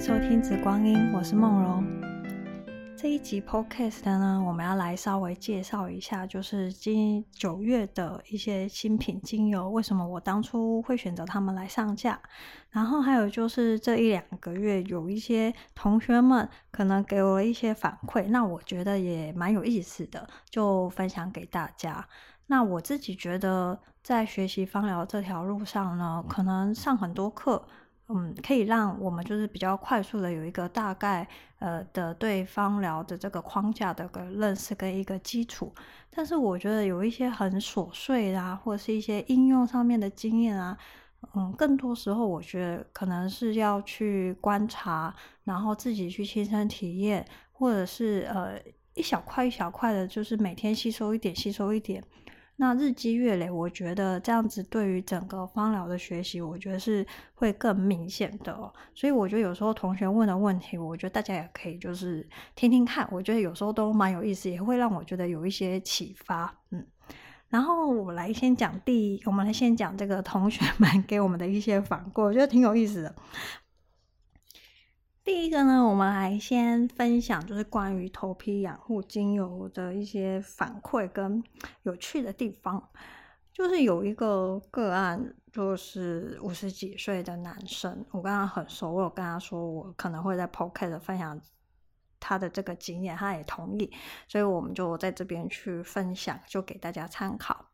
收聽植光聲，我是夢柔。這一集 podcast 呢，我們要來稍微介紹一下，就是今九月的一些新品精油，為什麼我當初會選擇他們來上架。然後還有就是這一兩個月，有一些同學們可能給我一些反饋，那我覺得也蠻有意思的，就分享給大家。那我自己覺得，在學習芳療這條路上呢，可能上很多課。嗯，可以讓我們就是比較快速的有一個大概呃的對方聊的這個框架的個認識跟一個基礎，但是我覺得有一些很瑣碎啊，或者是一些應用上面的經驗啊，嗯，更多時候我覺得可能是要去觀察，然後自己去親身體驗，或者是呃一小塊一小塊的，就是每天吸收一點，吸收一點。那日積月累，我覺得這樣子對於整個芳療的學習，我覺得是會更明顯的。所以我覺得有時候同學問的問題，我覺得大家也可以就是聽聽看，我覺得有時候都蠻有意思，也會讓我覺得有一些啟發。嗯，然後我來先講第一，我們來先講這個同學們給我們的一些反饋，我覺得挺有意思的。第一個呢，我們來先分享，就是關於頭皮養護精油的一些反饋跟有趣的地方。就是有一個個案，就是五十幾歲的男生，我跟他很熟，我有跟他說我可能會在 Podcast 分享他的這個經驗，他也同意，所以我們就在這邊去分享，就給大家參考。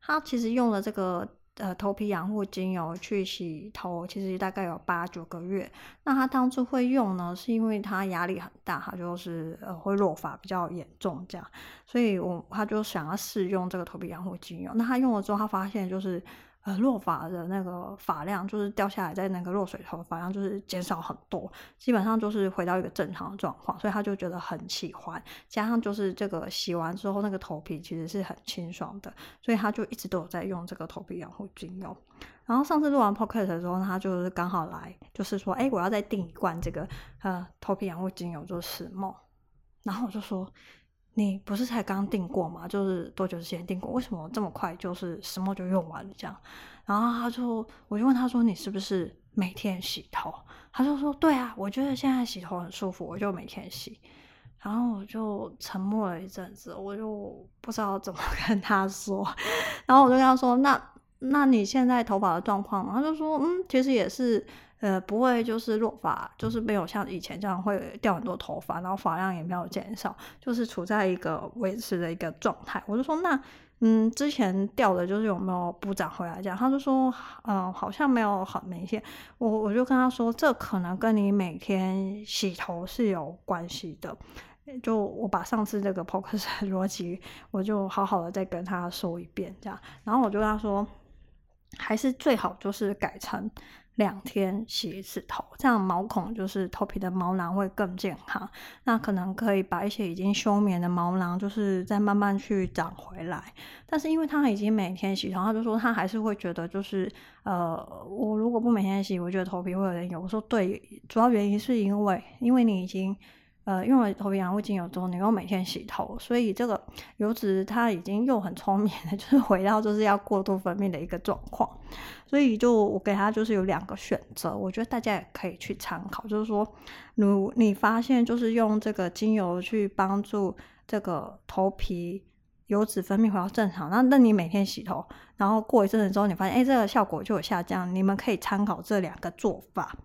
他其實用了這個。呃，頭皮養護精油去洗頭，其實大概有八九個月。那他當初會用呢，是因為他壓力很大，他就是呃會落髮比較嚴重這樣，所以我他就想要試用這個頭皮養護精油。那他用了之後，他發現就是。呃，落髮的那個髮量就是掉下來，在那個落水頭髮量就是減少很多，基本上就是回到一個正常的狀況，所以他就覺得很喜歡。加上就是這個洗完之後，那個頭皮其實是很清爽的，所以他就一直都有在用這個頭皮養護精油。然後上次錄完 podcast 的時候，他就是剛好來，就是說，哎、欸，我要再訂一罐這個呃頭皮養護精油，就始夢。然後我就說。你不是才剛訂過嗎？就是多久之前訂過？為什麼這麼快就是什麼就用完了這樣？然後他就，我就問他說：“你是不是每天洗頭？”他就說：“對啊，我覺得現在洗頭很舒服，我就每天洗。”然後我就沉默了一陣子，我就不知道怎麼跟他說。然後我就跟他說：“那那你現在頭髮的狀況？”他就說：“嗯，其實也是。”呃，不會，就是落髮，就是沒有像以前這樣會掉很多頭髮，然後髮量也沒有減少，就是處在一個維持的一個狀態。我就說，那嗯，之前掉的，就是有沒有補長回來這樣？他就說，嗯、呃、好像沒有很明顯。我我就跟他說，這可能跟你每天洗頭是有關係的。就我把上次這個 POCO 的邏輯，我就好好的再跟他說一遍這樣。然後我就跟他說，還是最好就是改成。兩天洗一次頭，這樣毛孔就是頭皮的毛囊會更健康。那可能可以把一些已經休眠的毛囊，就是再慢慢去長回來。但是因為他已經每天洗頭，他就說他還是會覺得就是，呃，我如果不每天洗，我覺得頭皮會有點油。我說對，主要原因是因為，因為你已經。呃，用了頭皮養護精油之後，你又每天洗頭，所以這個油脂它已經又很聰明了，就是回到就是要過度分泌的一個狀況。所以就我給它就是有兩個選擇，我覺得大家也可以去參考，就是說，你你發現就是用這個精油去幫助這個頭皮油脂分泌回到正常，那那你每天洗頭，然後過一陣子之後你發現，哎，這個效果就有下降，你們可以參考這兩個做法。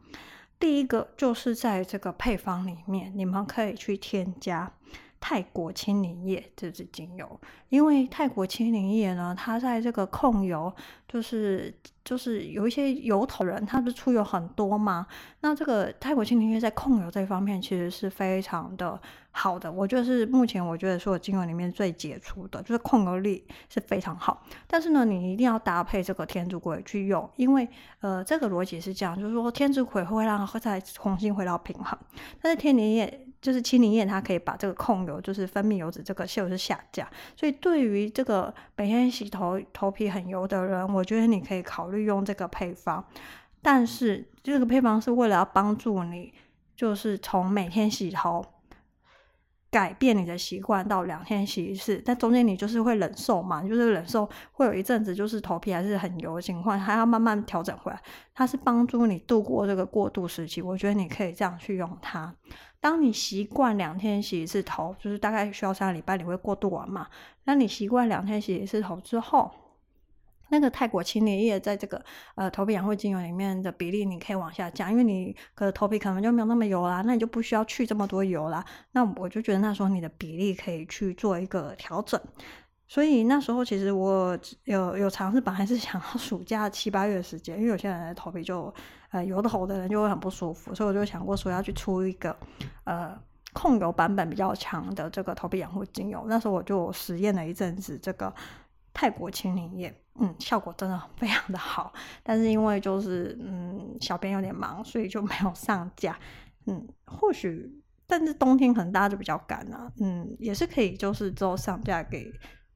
第一個就是在這個配方裡面，你們可以去添加泰國青檸葉這支精油，因為泰國青檸葉呢，它在這個控油，就是就是有一些油頭人，他不是出油很多嘛，那這個泰國青檸葉在控油這方面其實是非常的。好的，我覺得是目前我覺得說精油裡面最傑出的，就是控油力是非常好。但是呢，你一定要搭配這個天竺葵去用，因為呃，這個邏輯是這樣，就是說天竺葵會讓它重新回到平衡，但是天靈液就是清靈液，它可以把這個控油，就是分泌油脂這個係數下降。所以對於這個每天洗頭頭皮很油的人，我覺得你可以考慮用這個配方。但是這個配方是為了要幫助你，就是從每天洗頭。改變你的習慣到兩天洗一次，但中間你就是會忍受嘛，就是忍受會有一陣子，就是頭皮還是很油的情況，還要慢慢調整回來。它是幫助你度過這個過渡時期，我覺得你可以這樣去用它。當你習慣兩天洗一次頭，就是大概需要三個禮拜你會過渡完嘛？那你習慣兩天洗一次頭之後。那個泰國青檸葉在這個呃頭皮養護精油裡面的比例，你可以往下降，因為你個頭皮可能就沒有那麼油啦，那你就不需要去這麼多油啦。那我就覺得那時候你的比例可以去做一個調整。所以那時候其實我有有，有嘗試，本來是想要暑假七八月的時間，因為有些人的頭皮就呃油頭的人就會很不舒服，所以我就想過說要去出一個呃控油版本比較強的這個頭皮養護精油。那時候我就實驗了一陣子這個泰國青檸葉。嗯，效果真的非常的好，但是因為就是嗯，小編有點忙，所以就沒有上架。嗯，或許，但是冬天可能大家就比較乾了啊，嗯，也是可以就是之後上架給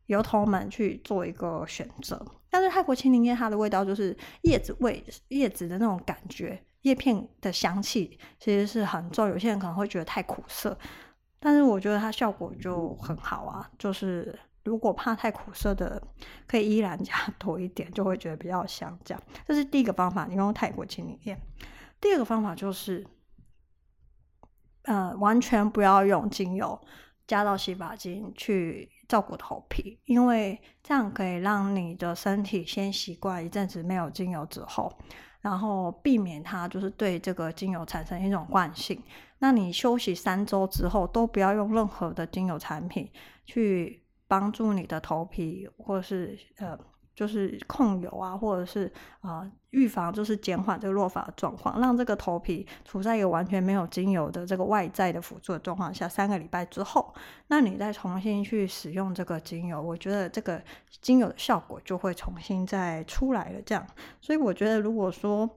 油頭們去做一個選擇。但是泰國青檸葉它的味道就是葉子味，葉子的那種感覺，葉片的香氣其實是很重，有些人可能會覺得太苦澀，但是我覺得它效果就很好啊，就是。如果怕太苦澀的，可以依然加多一點，就會覺得比較香。這樣，這是第一個方法，你用泰國青檸葉。第二個方法就是，呃，完全不要用精油加到洗髮精去照顧頭皮，因為這樣可以讓你的身體先習慣一陣子沒有精油之後，然後避免它就是對這個精油產生一種慣性。那你休息三週之後，都不要用任何的精油產品去。幫助你的頭皮，或者是呃，就是控油啊，或者是啊、呃，預防就是減緩這個落髮的狀況，讓這個頭皮處在一個完全沒有精油的這個外在的輔助的狀況下，三個禮拜之後，那你再重新去使用這個精油，我覺得這個精油的效果就會重新再出來了。這樣，所以我覺得如果說，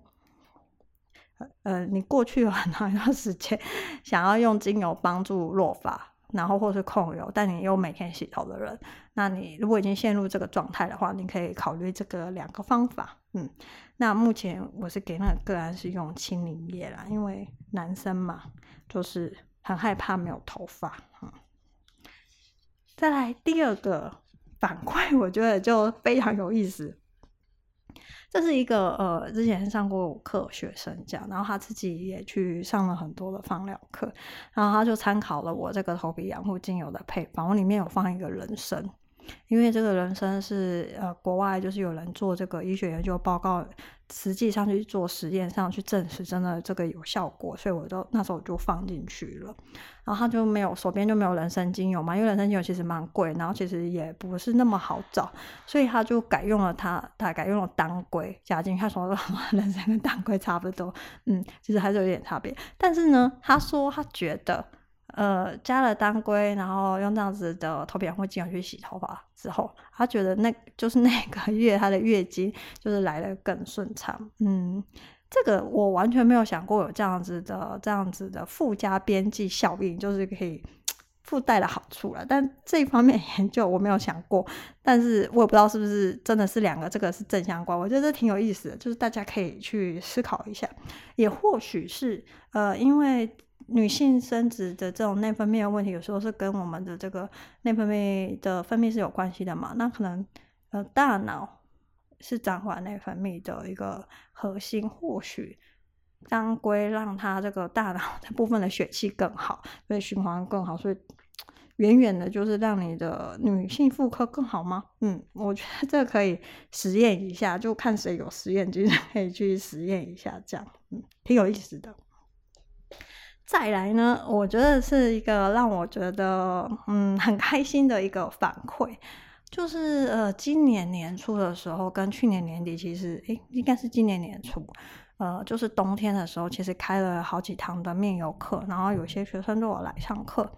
呃，你過去有很長一段時間想要用精油幫助落髮。然後，或是控油，但你又每天洗頭的人，那你如果已經陷入這個狀態的話，你可以考慮這個兩個方法。嗯，那目前我是給那個個案是用清零液啦，因為男生嘛，就是很害怕沒有頭髮。嗯，再來第二個反饋，我覺得就非常有意思。這是一個呃，之前上過課學生講，然後他自己也去上了很多的芳療課，然後他就參考了我這個頭皮養護精油的配方，我裡面有放一個人參，因為這個人參是呃國外就是有人做這個醫學研究報告。實際上去做實驗上去證實，真的這個有效果，所以我就那時候我就放進去了。然後他就沒有手邊就沒有人參精油嘛，因為人參精油其實蠻貴，然後其實也不是那麼好找，所以他就改用了他，他改用了當歸加進去。他說人參跟當歸差不多，嗯，其實還是有點差別。但是呢，他說他覺得。呃，加了當歸，然後用這樣子的頭皮養護精油去洗頭髮之後，他覺得那就是那個月他的月經就是來得更順暢。嗯，這個我完全沒有想過有這樣子的這樣子的附加邊際效應，就是可以附帶的好處了。但這一方面研究我沒有想過，但是我也不知道是不是真的是兩個這個是正相關。我覺得這挺有意思的，就是大家可以去思考一下，也或許是呃因為。女性生殖的這種內分泌的問題，有時候是跟我們的這個內分泌的分泌是有關係的嘛。那可能呃，大腦是掌管內分泌的一個核心，或許當歸讓它這個大腦的部分的血氣更好，所以循環更好，所以遠遠的就是讓你的女性婦科更好嗎？嗯，我覺得這可以實驗一下，就看誰有實驗，就可以去實驗一下，這樣，嗯，挺有意思的。再來呢，我覺得是一個讓我覺得嗯，很開心的一個反饋，就是呃今年年初的時候跟去年年底其實哎、欸、應該是今年年初，呃就是冬天的時候其實開了好幾堂的面油課，然後有些學生都有來上課，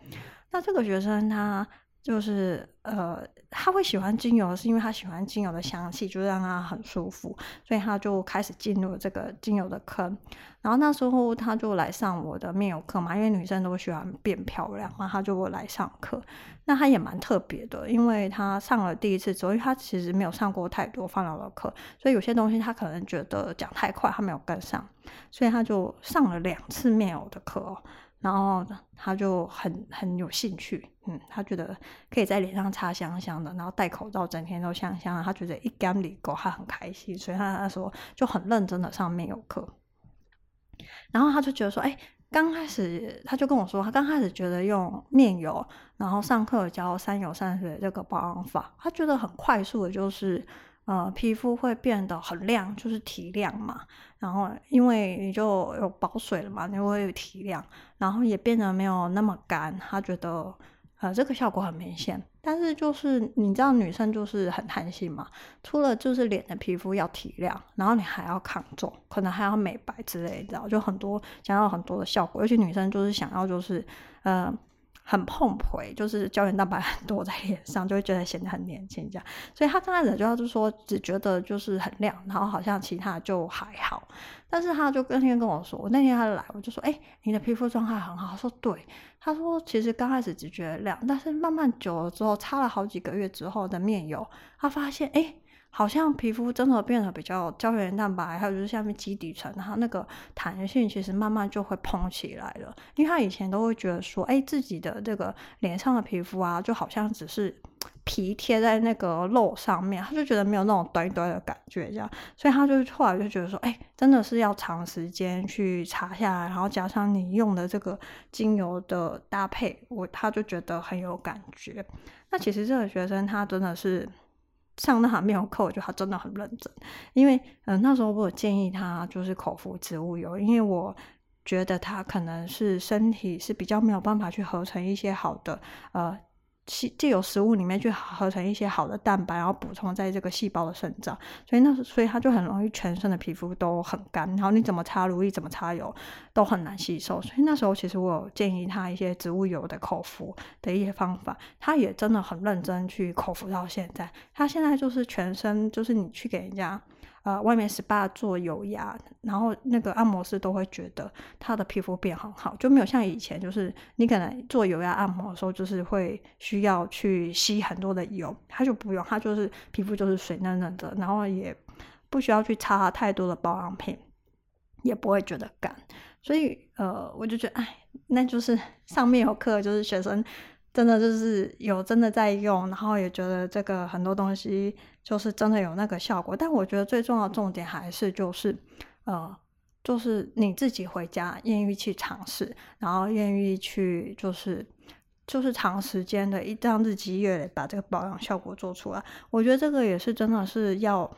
那這個學生他就是呃，他會喜歡精油，是因為他喜歡精油的香氣，就讓他很舒服，所以他就開始進入這個精油的坑。然後那時候他就來上我的面油課嘛，因為女生都喜歡變漂亮嘛，他就來上課。那他也蠻特別的，因為他上了第一次之後，因為他其實沒有上過太多芳療的課，所以有些東西他可能覺得講太快，他沒有跟上，所以他就上了兩次面油的課，哦。然後他就很很有興趣，嗯，他覺得可以在臉上擦香香的，然後戴口罩，整天都香香的。他覺得一兼二顧，他很開心，所以他那時候就很認真的上面油課。然後他就覺得說，哎，剛開始他就跟我說，他剛開始覺得用面油，然後上課教三油三水這個方法，他覺得很快速的，就是。呃，皮膚會變得很亮，就是提亮嘛。然後，因為你就有保水了嘛，你就會有提亮，然後也變得沒有那麼乾。他覺得，呃，這個效果很明顯。但是就是，你知道女生就是很貪心嘛，除了就是臉的皮膚要提亮，然後你還要抗皺，可能還要美白之類的，就很多想要很多的效果。尤其女生就是想要就是，呃。很碰潰，就是膠原蛋白很多在臉上，就會覺得顯得很年輕這樣。所以他剛開始就就說只覺得就是很亮，然後好像其他就還好。但是他就那天跟我說，我那天他來，我就說，哎，你的皮膚狀態很好。他說對，他說其實剛開始只覺得亮，但是慢慢久了之後，擦了好幾個月之後的面油，他發現，哎。好像皮膚真的變得比較膠原蛋白，還有就是下面基底層，它那個彈性其實慢慢就會膨起來了。因為他以前都會覺得說，哎、欸，自己的這個臉上的皮膚啊，就好像只是皮貼在那個肉上面，他就覺得沒有那種軟軟的感覺，這樣。所以他就後來就覺得說，哎、欸，真的是要長時間去擦下來，然後加上你用的這個精油的搭配，我他就覺得很有感覺。那其實這個學生他真的是。上那堂面油課，我覺得他真的很認真。因為，嗯，那時候我建議他就是口服植物油，因為我覺得他可能是身體是比較沒有辦法去合成一些好的，呃。借由食物裡面去合成一些好的蛋白，然後補充在這個細胞的生長，所以那所以他就很容易全身的皮膚都很乾，然後你怎麼擦乳液怎麼擦油都很難吸收，所以那時候其實我有建議他一些植物油的口服的一些方法，他也真的很認真去口服到現在，他現在就是全身就是你去給人家。呃，外面 SPA 做油壓，然後那個按摩師都會覺得他的皮膚變很好，就沒有像以前，就是你可能做油壓按摩的時候，就是會需要去吸很多的油，他就不用，他就是皮膚就是水嫩嫩的，然後也不需要去擦太多的保養品，也不會覺得乾，所以呃，我就覺得，哎，那就是上面油課，就是學生真的就是有真的在用，然後也覺得這個很多東西。就是真的有那個效果，但我覺得最重要重點還是就是，呃，就是你自己回家願意去嘗試，然後願意去就是就是長時間的一這樣日積月累把這個保養效果做出來，我覺得這個也是真的是要。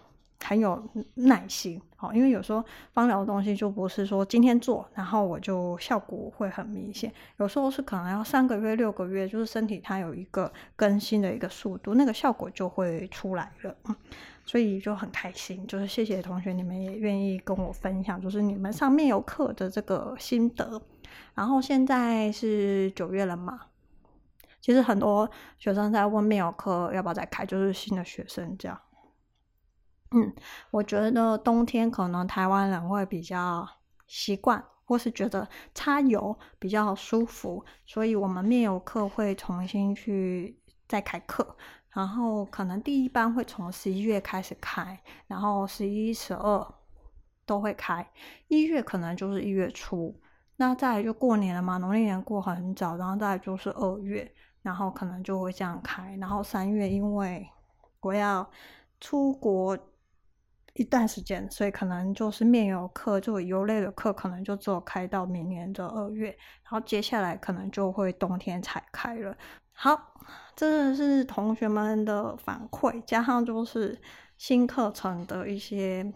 很有耐心，好，因為有時候芳療的東西就不是說今天做，然後我就效果會很明顯。有時候是可能要三個月、六個月，就是身體它有一個更新的一個速度，那個效果就會出來了。所以就很開心，就是謝謝同學，你們也願意跟我分享，就是你們上面有課的這個心得。然後現在是九月了嘛，其實很多學生在問面油課要不要再開，就是新的學生這樣。嗯，我覺得冬天可能台灣人會比較習慣，或是覺得擦油比較舒服，所以我們面油課會重新去再開課，然後可能第一班會從十一月開始開，然後十一、十二都會開，一月可能就是一月初，那再來就過年了嘛，農曆年過很早，然後再就是二月，然後可能就會這樣開，然後三月因為我要出國。一段時間，所以可能就是面油課，就油類的課，可能就只有開到明年的二月，然後接下來可能就會冬天才開了。好，這是同學們的反饋，加上就是新課程的一些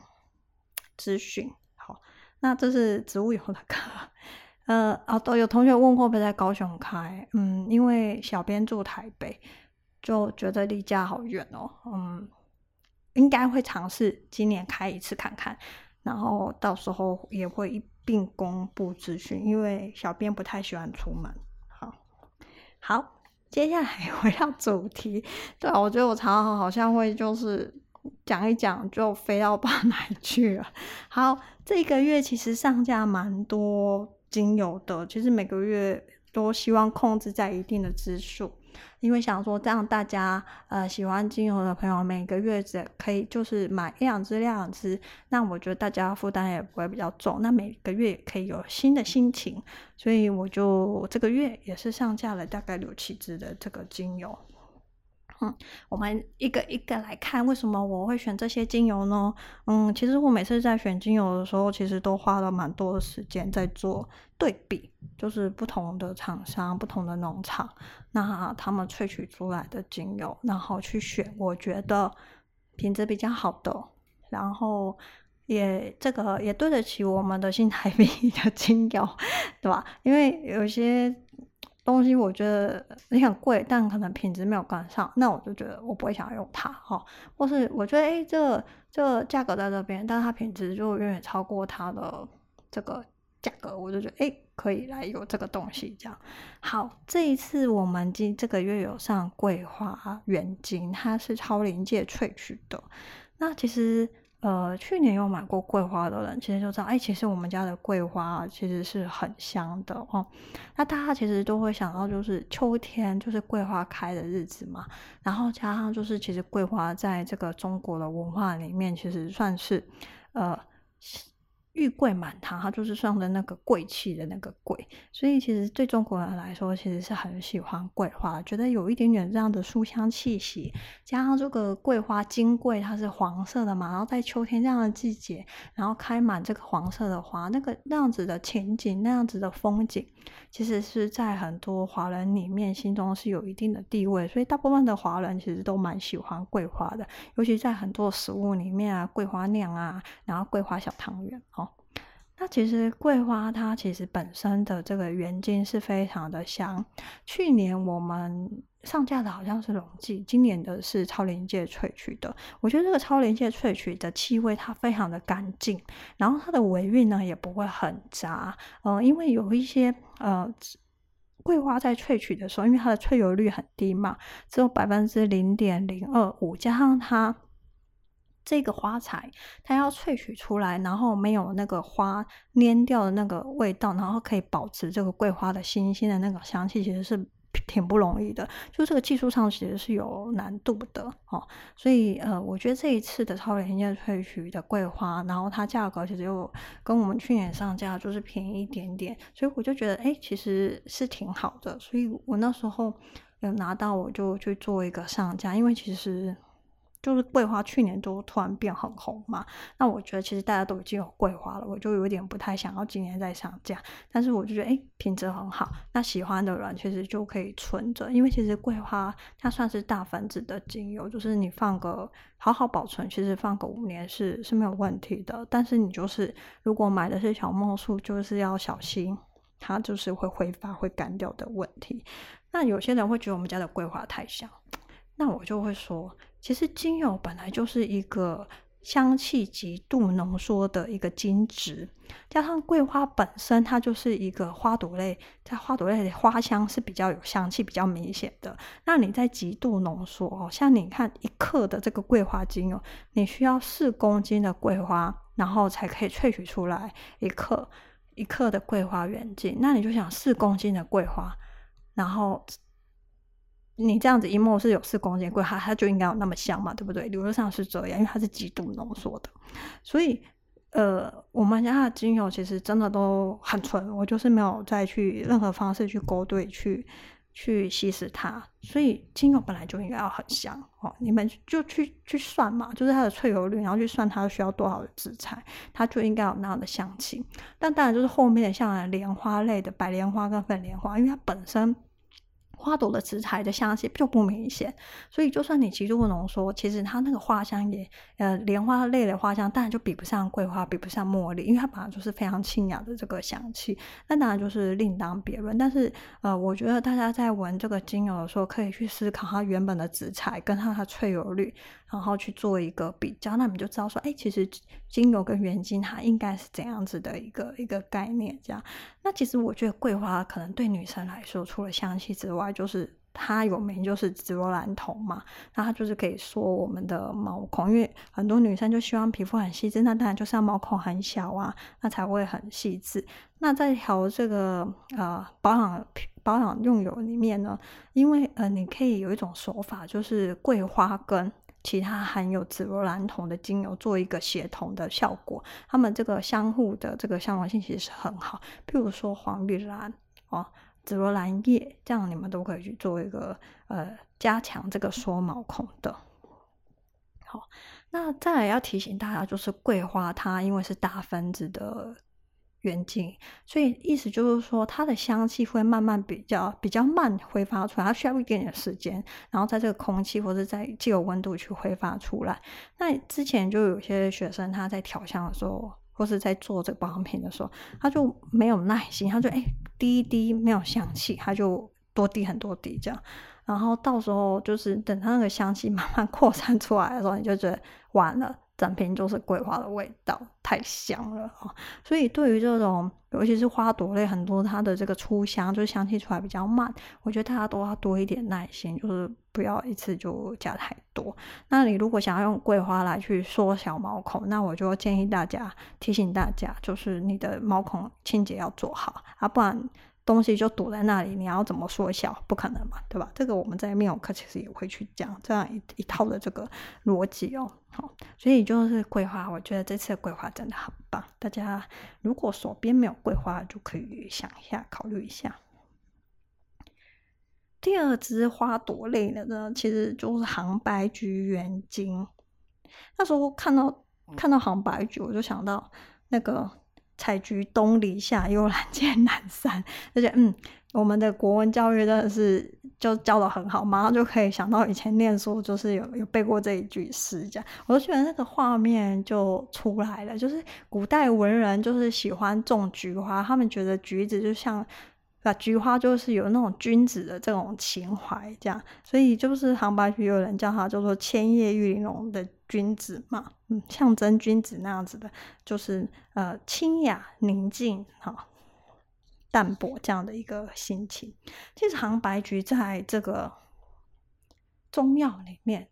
資訊。好，那這是植物油的課，呃，啊、哦，有同學問過會不會在高雄開，嗯，因為小編住台北，就覺得離家好遠哦，嗯。應該會嘗試今年開一次看看，然後到時候也會一併公布資訊，因為小編不太喜歡出門。好，好，接下來回到主題，對啊，我覺得我常常好像會就是講一講，就飛到巴南去了。好，這個月其實上架蠻多精油的，其實每個月都希望控制在一定的支數，因為想說這樣大家，呃，喜歡精油的朋友，每個月只可以就是買一兩支，兩支，那我覺得大家負擔也不會比較重，那每個月也可以有新的心情，所以我就這個月也是上架了大概六七支的這個精油。嗯，我們一個一個來看，為什麼我會選這些精油呢？嗯，其實我每次在選精油的時候，其實都花了蠻多的時間在做對比，就是不同的廠商、不同的農場，那他們萃取出來的精油，然後去選我覺得品質比較好的，然後也這個也對得起我們的新台幣的精油，對吧？因為有些，東西我覺得很貴，但可能品質沒有跟上，那我就覺得我不會想要用它哈。或是我覺得哎，這這價格，在這邊，但是它品質就遠遠超過它的這個價格，我就覺得哎，可以來有這個東西這樣。好，這一次我們今這個月有上桂花原精，它是超臨界萃取的。那其實。呃，去年有買過桂花的人，其實就知道，哎，欸，其實我們家的桂花啊，其實是很香的哦，嗯。那大家其實都會想到，就是秋天就是桂花開的日子嘛。然後加上就是，其實桂花在這個中國的文化裡面，其實算是，呃。玉桂滿堂，它就是上的那個貴氣的那個貴，所以其實對中國人來說，其實是很喜歡桂花，覺得有一點點這樣的書香氣息，加上這個桂花金桂，它是黃色的嘛，然後在秋天這樣的季節，然後開滿這個黃色的花，那個那樣子的情景，那樣子的風景，其實是在很多華人裡面心中是有一定的地位，所以大部分的華人其實都蠻喜歡桂花的，尤其在很多食物裡面啊，桂花釀啊，然後桂花小湯圓，哈。它其實桂花，它其實本身的這個原精是非常的香。去年我們上架的好像是溶劑，今年的是超臨界萃取的。我覺得這個超臨界萃取的氣味它非常的乾淨，然後它的尾韻呢也不會很雜。嗯、呃，因為有一些呃桂花在萃取的時候，因為它的萃油率很低嘛，只有百分之零點零二五，加上它。這個花材，它要萃取出來，然後沒有那個花蔫掉的那個味道，然後可以保持這個桂花的新鮮的那個香氣，其實是挺不容易的。就這個技術上，其實是有難度的哦。所以，呃，我覺得這一次的超人在萃取的桂花，然後它價格其實又跟我們去年上架就是便宜一點點，所以我就覺得，哎，其實是挺好的。所以我那時候有拿到，我就去做一個上架，因為其實。就是桂花去年都突然變很紅嘛，那我覺得其實大家都已經有桂花了，我就有點不太想要今年再上架。但是我就覺得，哎、欸，品質很好，那喜歡的人其實就可以存着，因為其實桂花它算是大分子的精油，就是你放個好好保存，其實放個五年是是沒有問題的。但是你就是如果買的是小 ml 數，就是要小心，它就是會揮發會乾掉的問題。那有些人會覺得我們家的桂花太香，那我就會說。其實精油本來就是一個香氣極度濃縮的一個精質，加上桂花本身，它就是一個花朵類，在花朵類的花香是比較有香氣、比較明顯的。那你再極度濃縮哦，像你看一克的這個桂花精油，你需要四公斤的桂花，然後才可以萃取出來一克一克的桂花原精。那你就想四公斤的桂花，然後。你這樣子一摸，是有四公斤貴，它它就應該有那麼香嘛，對不對？理論上是這樣，因為它是極度濃縮的，所以呃，我們家的精油其實真的都很純，我就是沒有再去任何方式去勾兌去去稀釋它，所以精油本來就應該要很香哦。你們就去去算嘛，就是它的萃油率，然後去算它需要多少的植材，它就應該有那樣的香氣。但當然就是後面的像蓮花類的白蓮花跟粉蓮花，因為它本身。花朵的植材的香氣就不明顯，所以就算你其實濃縮，其實它那個花香也，呃，蓮花類的花香，當然就比不上桂花，比不上茉莉，因為它本來就是非常清雅的這個香氣，那當然就是另當別論。但是，呃，我覺得大家在聞這個精油的時候，可以去思考它原本的植材跟它的萃油率。然後去做一個比較，那你就知道說，哎，其實精油跟原精它應該是怎樣子的一個一個概念，這樣。那其實我覺得桂花可能對女生來說，除了香氣之外，就是它有名就是紫羅蘭酮嘛，那它就是可以說我們的毛孔，因為很多女生就希望皮膚很細緻，那當然就是要毛孔很小啊，那才會很細緻。那在調這個呃保養保養用油裡面呢，因為呃你可以有一種手法，就是桂花根。其他含有紫羅蘭酮的精油做一個協同的效果，他們這個相互的這個相容性其實是很好。比如說黃綠蘭哦、紫羅蘭葉，這樣你們都可以去做一個呃加強這個縮毛孔的。好，那再來要提醒大家，就是桂花它因為是大分子的，原精，所以意思就是說，它的香氣會慢慢比較比較慢揮發出來，它需要一點點時間，然後在這個空氣或者在這個溫度去揮發出來。那之前就有些學生他在調香的時候，或是在做這個保養品的時候，他就沒有耐心，他就哎、欸、滴一滴沒有香氣，他就多滴很多滴這樣，然後到時候就是等他那個香氣慢慢擴散出來的時候，你就覺得完了。整瓶就是桂花的味道，太香了啊、喔！所以對於這種，尤其是花朵類很多，它的這個出香就是香氣出來比較慢，我覺得大家都要多，多一點耐心，就是不要一次就加太多。那你如果想要用桂花來去縮小毛孔，那我就建議大家，提醒大家，就是你的毛孔清潔要做好啊，不然。東西就堵在那裡，你要怎麼縮小？不可能嘛，對吧？這個我們在面油課其實也會去講這樣一,一套的這個邏輯哦。好，所以就是桂花，我覺得這次桂花真的很棒。大家如果手邊沒有桂花，就可以想一下，考慮一下。第二支花朵類的呢，其實就是杭白菊原精。那時候看到看到杭白菊，我就想到那個。採菊東籬下，悠然見南山。就覺得，嗯，我們的國文教育真的是就教得很好，馬上就可以想到以前念書，就是有有背過這一句詩，這樣，我就覺得那個畫面就出來了。就是古代文人就是喜歡種菊花，他們覺得橘子就像，那菊花就是有那種君子的這種情懷，這樣，所以就是杭白菊有人叫它叫做千葉玉玲瓏的。君子嘛，嗯，象徵君子那樣子的，就是呃，清雅寧靜，哈、啊，淡泊這樣的一個心情。其實杭白菊在這個中藥裡面，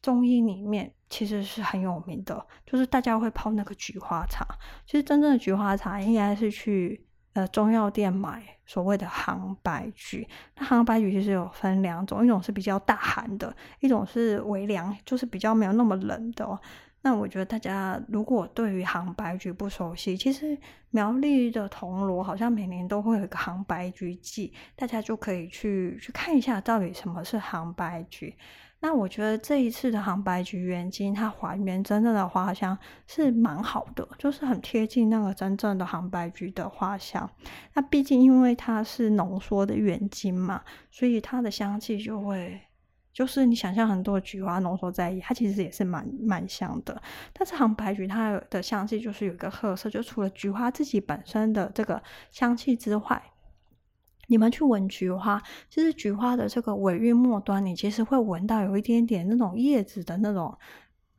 中醫裡面其實是很有名的，就是大家會泡那個菊花茶。其實真正的菊花茶應該是去。呃，中藥店買所謂的杭白菊，那杭白菊其實有分兩種，一種是比較大寒的，一種是微涼，就是比較沒有那麼冷的喔。那我覺得大家如果對於杭白菊不熟悉，其實苗栗的銅鑼好像每年都會有一個杭白菊季，大家就可以去去看一下到底什麼是杭白菊。那我覺得這一次的杭白菊原精，它還原真正的花香是蠻好的，就是很貼近那個真正的杭白菊的花香。那畢竟因為它是濃縮的原精嘛，所以它的香氣就會，就是你想象很多菊花濃縮在一起，它其實也是蠻蠻香的。但是杭白菊它的香氣就是有一個特色，就除了菊花自己本身的這個香氣之外，你們去聞菊花，就是菊花的這個尾韻末端，你其實會聞到有一點點那種葉子的那種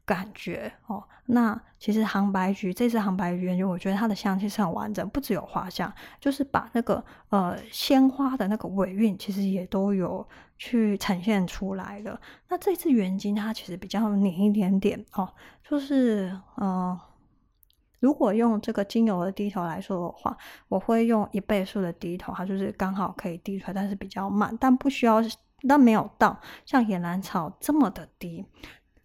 感覺哦。那其實杭白菊這支杭白菊，我覺得它的香氣是很完整，不只有花香，就是把那個呃鮮花的那個尾韻其實也都有去呈現出來的。那這支原精，它其實比較黏一點點哦，就是嗯。呃如果用這個精油的滴頭來說的話，我會用一倍速的滴頭，它就是剛好可以滴出來，但是比較慢，但不需要，但沒有到像野蘭草這麼的低。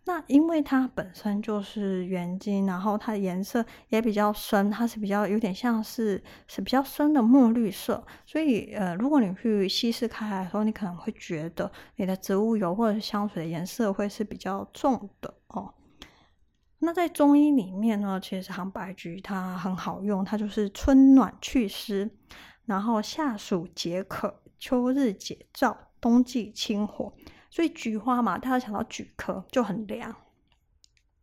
那因為它本身就是原精，然後它的顏色也比較深，它是比較有點像是是比較深的墨綠色，所以呃，如果你去稀釋開來的時候，你可能會覺得你的植物油或者香水的顏色會是比較重的。那在中醫裡面呢，其實杭白菊它很好用，它就是春暖去濕，然後夏暑解渴，秋日解燥，冬季清火。所以菊花嘛，大家想到菊科就很涼。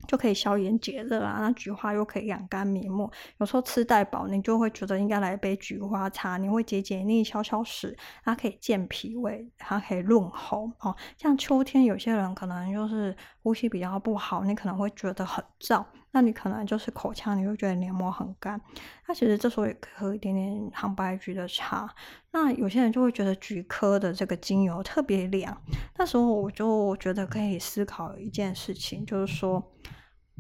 就可以消炎解熱啊，那菊花又可以養肝明目。有時候吃太飽，你就會覺得應該來一杯菊花茶，你會解解膩、消消食。它可以健脾胃，它可以潤喉哦。像秋天，有些人可能就是呼吸比較不好，你可能會覺得很燥。那你可能就是口腔，你會覺得黏膜很乾。那、啊、其實這時候也可以喝一點點杭白菊的茶。那有些人就會覺得菊科的這個精油特別涼。那時候我就覺得可以思考一件事情，就是說，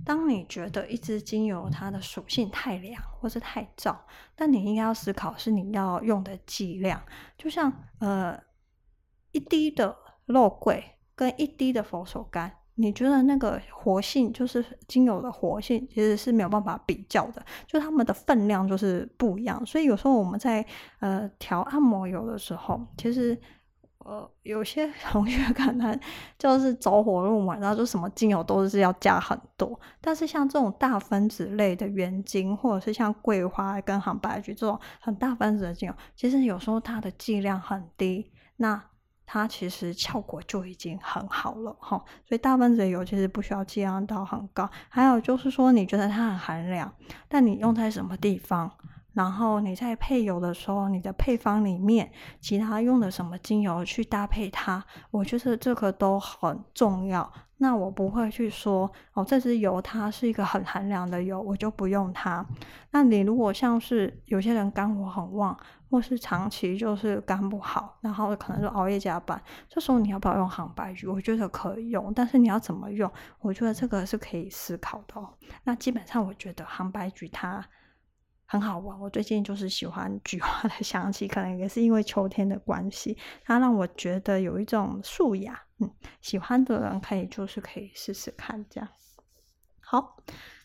當你覺得一支精油它的屬性太涼或是太燥，但你應該要思考是你要用的劑量。就像呃，一滴的肉桂跟一滴的佛手柑。你覺得那個活性就是精油的活性，其實是沒有辦法比較的，就它們的分量就是不一樣。所以有時候我們在呃調按摩油的時候，其實呃有些同學可能就是走火入魔，然後就什麼精油都是要加很多。但是像這種大分子類的原精，或者是像桂花跟杭白菊這種很大分子的精油，其實有時候它的劑量很低。那它其實效果就已經很好了哈，所以大分子油其實不需要劑量到很高。還有就是說，你覺得它很寒涼，但你用在什麼地方？然後你在配油的時候，你的配方裡面其他用的什麼精油去搭配它，我覺得這個都很重要。那我不會去說哦，這支油它是一個很寒涼的油，我就不用它。那你如果像是有些人肝火很旺，或是長期就是肝不好，然後可能就熬夜加班，這時候你要不要用杭白菊？我覺得可以用，但是你要怎麼用，我覺得這個是可以思考的哦。那基本上我覺得杭白菊它。很好玩，我最近就是喜歡菊花的香氣，可能也是因為秋天的關係，它讓我覺得有一種素雅。嗯，喜歡的人可以就是可以試試看這樣。好，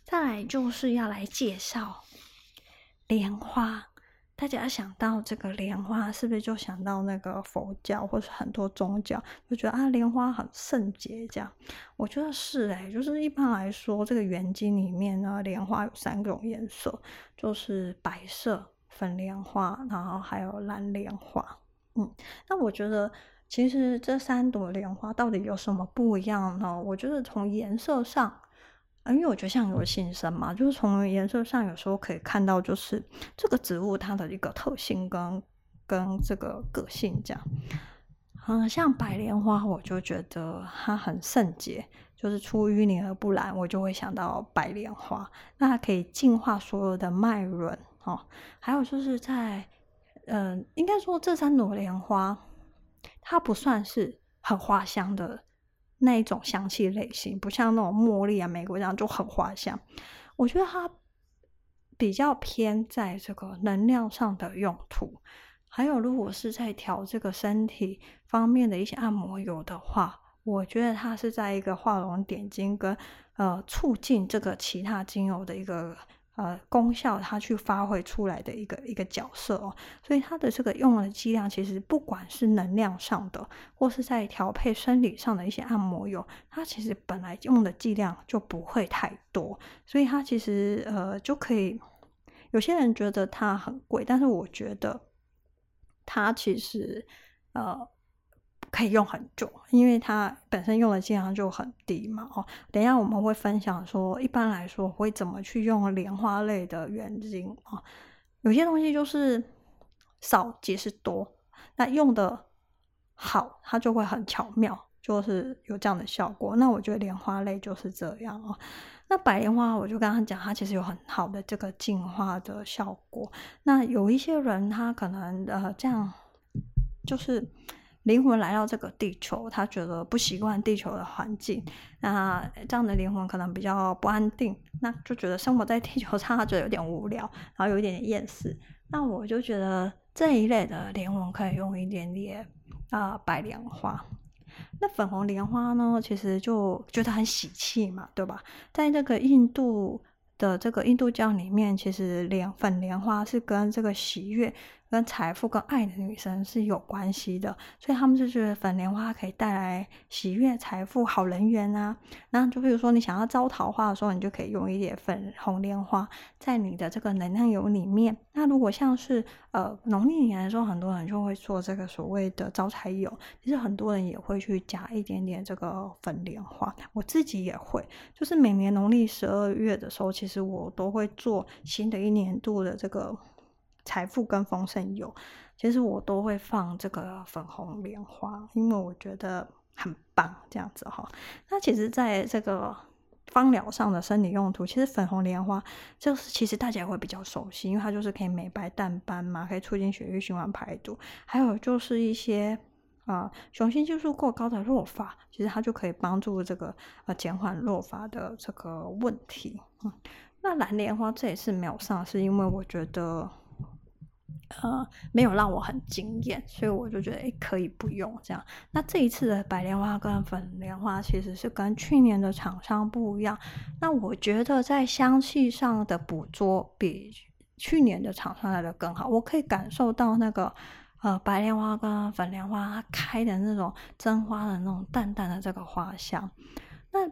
再來就是要來介紹蓮花。大家想到這個蓮花，是不是就想到那個佛教，或是很多宗教，就覺得啊，蓮花很聖潔這樣？我覺得是誒、欸，就是一般來說，這個原精裡面呢，蓮花有三種顏色，就是白色粉蓮花，然後還有藍蓮花。嗯，那我覺得其實這三朵蓮花到底有什麼不一樣呢？我覺得從顏色上。啊、嗯，因為我覺得像有新生嘛，就是從顏色上有時候可以看到，就是這個植物它的一個特性跟跟這個個性這樣。嗯，像白蓮花，我就覺得它很聖潔，就是出淤泥而不染，我就會想到白蓮花。那它可以淨化所有的脈輪哦。還有就是在，嗯、呃，應該說這三朵蓮花，它不算是很花香的。那一種香氣類型，不像那種茉莉啊、玫瑰這樣就很花香。我覺得它比較偏在這個能量上的用途。還有，如果是在調這個身體方面的一些按摩油的話，我覺得它是在一個畫龍點睛跟呃促進這個其他精油的一個。呃，功效，它去發揮出來的一個一個角色哦，所以它的這個用的劑量其實不管是能量上的，或是在調配生理上的一些按摩油，它其實本來用的劑量就不會太多，所以它其實呃就可以。有些人覺得它很貴，但是我覺得它其實呃。可以用很久，因為它本身用的劑量就很低嘛。哦，等一下我們會分享說，一般來說會怎麼去用蓮花類的原精哦，有些東西就是少即是多，那用的好，它就會很巧妙，就是有這樣的效果。那我覺得蓮花類就是這樣哦。那白蓮花，我就剛剛講，它其實有很好的這個淨化的效果。那有一些人，他可能呃這樣就是。靈魂來到這個地球，他覺得不習慣地球的環境，那這樣的靈魂可能比較不安定，那就覺得生活在地球上，他覺得有點無聊，然後有一點厭世。那我就覺得這一類的靈魂可以用一點點啊、呃，白蓮花。那粉紅蓮花呢，其實就覺得很喜氣嘛，對吧？在那個印度的這個印度教裡面，其實蓮粉蓮花是跟這個喜悅。跟財富、跟愛的女神是有關係的，所以他們就覺得粉蓮花可以帶來喜悅、財富、好人緣啊。那就比如說你想要招桃花的時候，你就可以用一點粉紅蓮花在你的這個能量油裡面。那如果像是呃農曆年的時候，很多人就會做這個所謂的招財油，其實很多人也會去加一點點這個粉蓮花，我自己也會，就是每年農曆十二月的時候，其實我都會做新的一年度的這個。財富跟豐盛有，其實我都會放這個粉紅蓮花，因為我覺得很棒，這樣子哈。那其實在這個芳療上的生理用途，其實粉紅蓮花就是其實大家也會比較熟悉，因為它就是可以美白淡斑嘛，可以促進血液循環排毒，還有就是一些啊、呃、雄性激素過高的落髮，其實它就可以幫助這個呃減緩落髮的這個問題。嗯，那藍蓮花這一次沒有上，是因為我覺得。呃，沒有讓我很驚艷，所以我就覺得可以不用這樣。那這一次的白蓮花跟粉蓮花其實是跟去年的廠商不一樣。那我覺得在香氣上的捕捉比去年的廠商來得更好，我可以感受到那個呃白蓮花跟粉蓮花它開的那種真花的那種淡淡的這個花香。那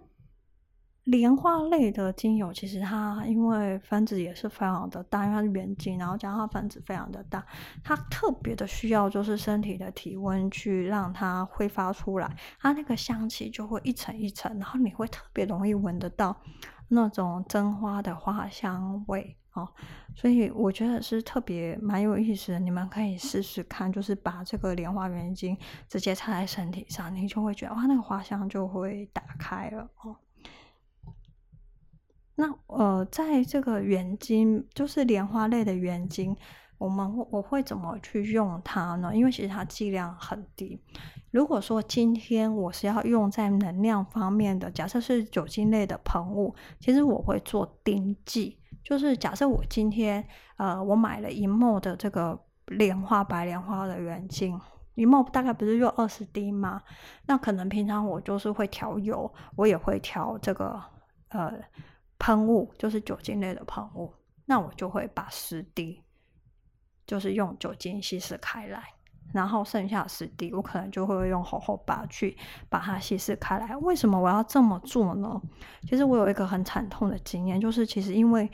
蓮花類的精油，其實它因為分子也是非常的大，因為它是原精，然後加上它分子非常的大，它特別的需要就是身體的體溫去讓它揮發出來，它那個香氣就會一層一層，然後你會特別容易聞得到那種真花的花香味哦。所以我覺得是特別蠻有意思的，你們可以試試看，就是把這個蓮花原精直接擦在身體上，你就會覺得哇、哦，那個花香就會打開了哦。那呃，在這個原精就是蓮花類的原精，我們我會怎麼去用它呢？因為其實它劑量很低。如果說今天我是要用在能量方面的，假設是酒精類的噴霧，其實我會做滴劑。就是假設我今天呃，我買了一毫的這個蓮花白蓮花的原精，一毫大概不是用二十滴嗎？那可能平常我就是會調油，我也會調這個呃。噴霧就是酒精類的噴霧，那我就會把十滴，就是用酒精稀釋開來，然後剩下十滴，我可能就會用荷荷巴去把它稀釋開來。為什麼我要這麼做呢？其實我有一個很慘痛的經驗，就是其實因為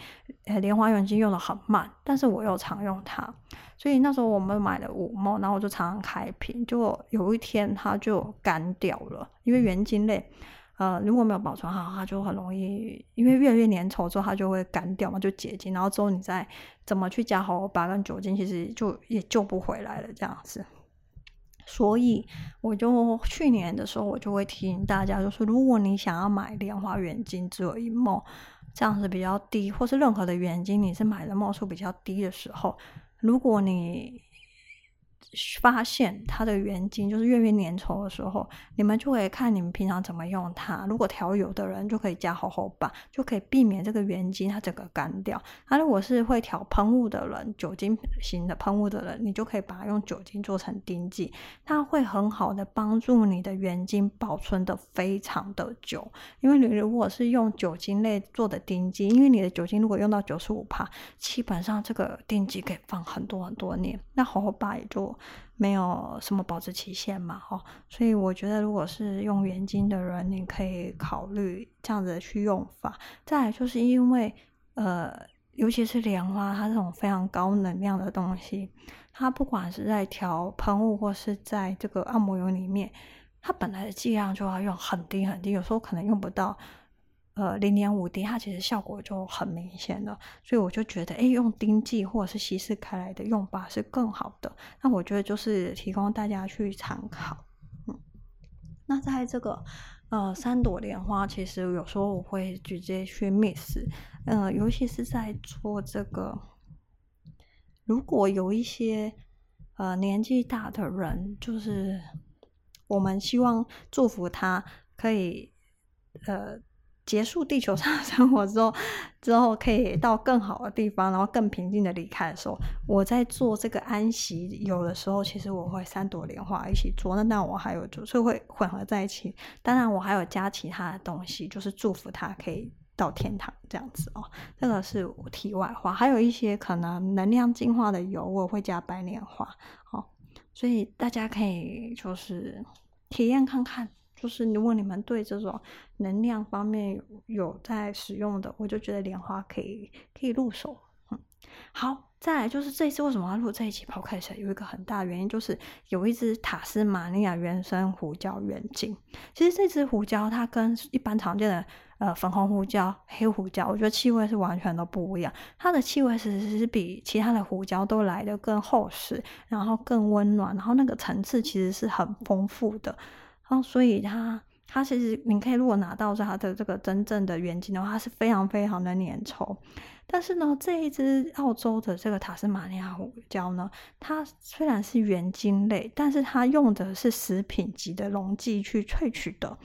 欸、蓮花原精用得很慢，但是我又常用它，所以那時候我們買了 5ml，然後我就常常開瓶，就有一天它就乾掉了，因為原精類。呃，如果沒有保存好，它就很容易，因為越來越粘稠之後，它就會乾掉嘛，就結晶。然後之後你再怎麼去加荷荷巴跟酒精，其實就也救不回來了這樣子。所以我就去年的時候，我就會提醒大家，就是如果你想要買蓮花原精，只有一 ml，這樣子比較低，或是任何的原精，你是買的 ml 數比較低的時候，如果你。發現它的原精就是越變粘稠的時候，你們就可以看你們平常怎麼用它。如果調油的人就可以加荷荷巴，就可以避免這個原精它整個乾掉。它、啊、如果是會調噴霧的人，酒精型的噴霧的人，你就可以把它用酒精做成酊劑，它會很好的幫助你的原精保存得非常的久。因為你如果是用酒精類做的酊劑，因為你的酒精如果用到九十五趴，基本上這個酊劑可以放很多很多年。那荷荷巴也就沒有什麼保質期限嘛，所以我覺得如果是用原精的人，你可以考慮這樣子去用法。再來就是因為，呃，尤其是蓮花，它這種非常高能量的東西，它不管是在調噴霧或是在這個按摩油裡面，它本來的劑量就要用很低很低，有時候可能用不到，呃，零點五滴，它其實效果就很明顯了，所以我就覺得，哎，用酊劑或者是稀釋開來的用法是更好的。那我覺得就是提供大家去參考，嗯。那在這個呃三朵蓮花，其實有時候我會直接去 miss，嗯、呃，尤其是在做這個，如果有一些呃年紀大的人，就是我們希望祝福他可以呃，結束地球上的生活之後，之後可以到更好的地方，然後更平靜的離開的時候，我在做這個安息油的時候，其實我會三朵蓮花一起做，那那我還有就是會混合在一起，當然我還有加其他的東西，就是祝福他可以到天堂這樣子哦。這個是題外話，還有一些可能能量淨化的油，我也會加白蓮花哦，所以大家可以就是體驗看看。就是如果你們對這種能量方面有在使用的，我就覺得蓮花可以可以入手。嗯，好，再來就是這一次為什麼要錄這一期 podcast，有一個很大原因就是有一支塔斯馬尼亞原生胡椒原精。其實這支胡椒它跟一般常見的呃粉紅胡椒、黑胡椒，我覺得氣味是完全都不一樣。它的氣味其實是比其他的胡椒都來得更厚實，然後更溫暖，然後那個層次其實是很豐富的。哦，所以它它其實你可以如果拿到是它的這個真正的原精的話，它是非常非常的粘稠。但是呢，這一支澳洲的這個塔斯馬尼亞胡椒呢，它雖然是原精類，但是它用的是食品級的溶劑去萃取的。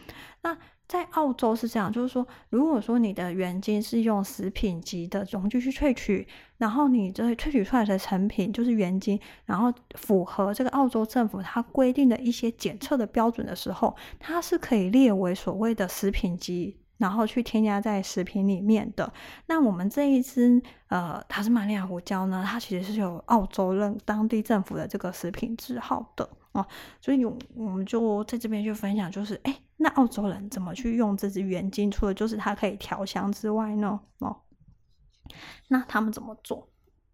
那在澳洲是這樣，就是說，如果說你的原精是用食品級的溶劑去萃取，然後你這萃取出來的成品就是原精，然後符合這個澳洲政府它規定的一些檢測的標準的時候，它是可以列為所謂的食品級，然後去添加在食品裡面的。那我們這一支呃，塔斯馬尼亞胡椒呢，它其實是有澳洲認當地政府的這個食品字號的。哦，所以有我們就在這邊就分享，就是哎、欸，那澳洲人怎麼去用這支原精？除了就是它可以調香之外呢？哦，那他們怎麼做？